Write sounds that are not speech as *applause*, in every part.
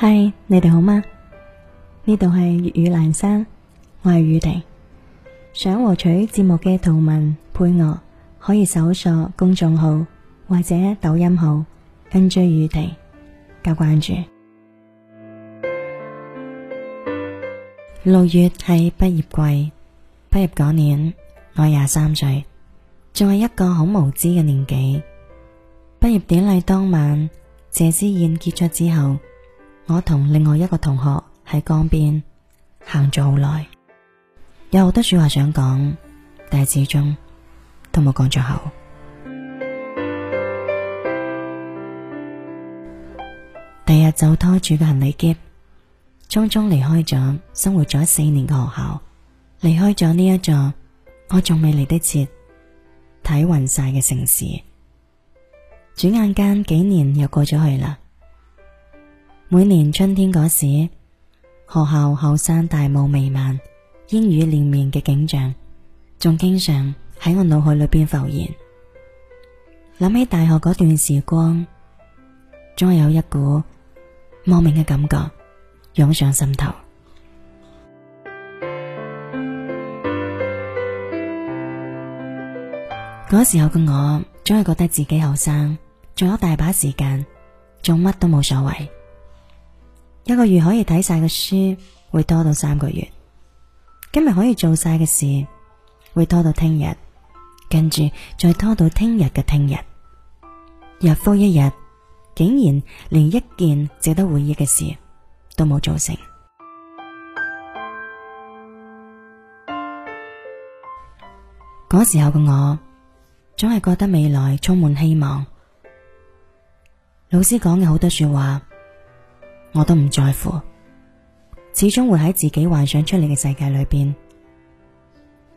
嗨，Hi，你哋好嗎？呢度係粵語闌珊，我係雨婷。想獲取節目嘅圖文配樂，可以搜索公眾號或者抖音號 N J 雨婷，加關注。六月係畢業季，畢業嗰年我廿三歲，仲係一個好無知嘅年紀。畢業典禮當晚，謝師宴結束之後，我同另外一個同學喺江邊行咗好耐，有好多說話想講，但係始終都冇講出口。第日 *music* 就拖住個行李篋，匆匆離開咗生活咗四年嘅學校，離開咗呢一座我仲未嚟得切睇暈晒嘅城市。轉眼間幾年又過咗去啦。每年春天嗰時，學校後山大霧彌漫、煙雨連綿嘅景象，仲經常喺我腦海裏邊浮現。諗起大學嗰段時光，總係有一股莫名嘅感覺湧上心頭。嗰 *music* 時候嘅我，總係覺得自己後生，仲有大把時間，做乜都冇所謂。一個月可以睇晒嘅書，會多到三個月；今日可以做晒嘅事，會拖到聽日，跟住再拖到聽日嘅聽日，日復一日，竟然連一件值得回憶嘅事都冇做成。嗰 *music* 時候嘅我，總係覺得未來充滿希望。老師講嘅好多說話。我都唔在乎，始終會喺自己幻想出嚟嘅世界裏邊。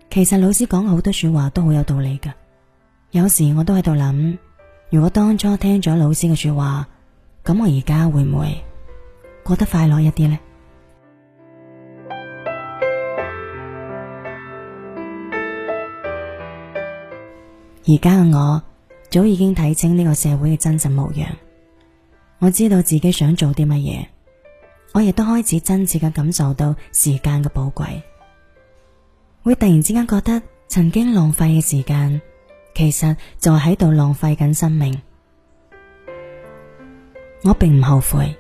其實老師講好多說話都好有道理噶，有時我都喺度諗，如果當初聽咗老師嘅說話，咁我而家會唔會過得快樂一啲呢？而家嘅我早已經睇清呢個社會嘅真實模樣。我知道自己想做啲乜嘢，我亦都開始真切嘅感受到時間嘅寶貴，會突然之間覺得曾經浪費嘅時間，其實就喺度浪費緊生命。我並唔後悔，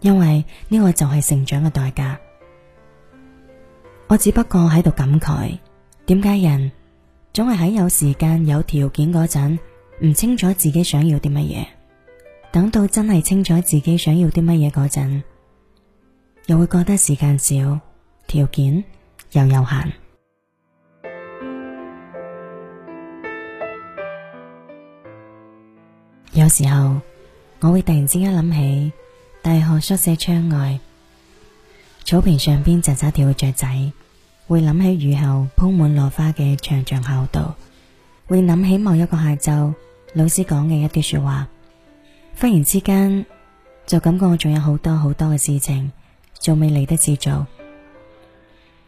因為呢個就係成長嘅代價。我只不過喺度感慨，點解人總係喺有時間、有條件嗰陣，唔清楚自己想要啲乜嘢。等到真係清楚自己想要啲乜嘢嗰陣，又會覺得時間少，條件又有限。有時候我會突然之間諗起大學宿舍窗外草坪上邊喳喳跳嘅雀仔，會諗起雨後鋪滿落花嘅長長校道，會諗起某一個下晝老師講嘅一段說話。忽然之間，就感覺我仲有好多好多嘅事情，仲未嚟得切做。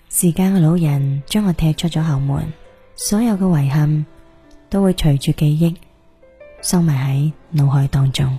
時間嘅老人將我踢出咗後門，所有嘅遺憾都會隨住記憶收埋喺腦海當中。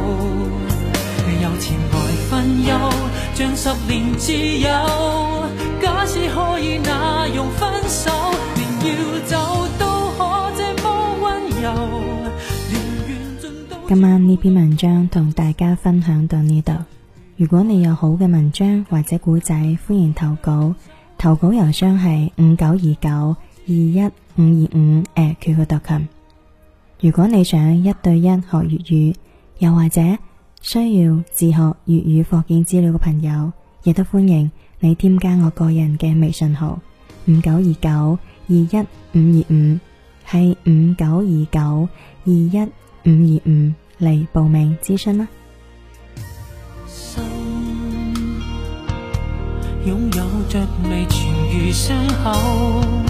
有分，分十年自由。假使可以，那用分手，連要走都可這麼溫柔，盡都今晚呢篇文章同大家分享到呢度。如果你有好嘅文章或者古仔，歡迎投稿。投稿郵箱係五九二九二一五二五。誒，佢個特琴。如果你想一對一學粵語。又或者需要自學粵語課件資料嘅朋友，亦都歡迎你添加我個人嘅微信號五九二九二一五二五，係五九二九二一五二五嚟報名諮詢啦。心擁有着未痊愈傷口。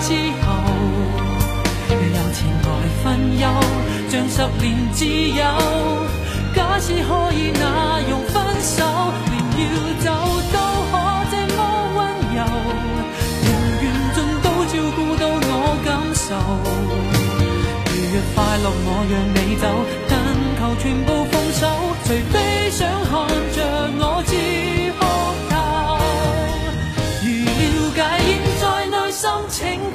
之後，又前來分憂，像十年之友。假使可以那樣分手，連要走都可這麼溫柔，連緣盡都照顧到我感受。如若快樂我讓你走，但求全部放手，除非想。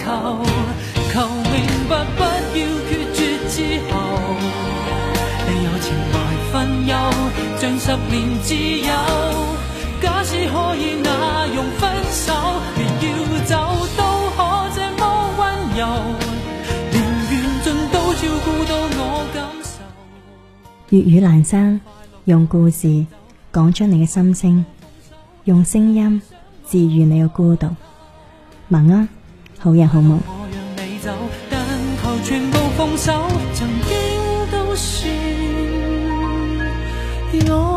求明白，不要決絕之後，你有情懷分憂，像十年自由。假使可以那樣分手，連要走都可這麼溫柔，連緣盡都照顧到我感受。粵語闌珊，用故事講出你嘅心聲，用聲音治癒你嘅孤獨。晚安、啊。但求全部放手，曾經都算擁有。 *noise*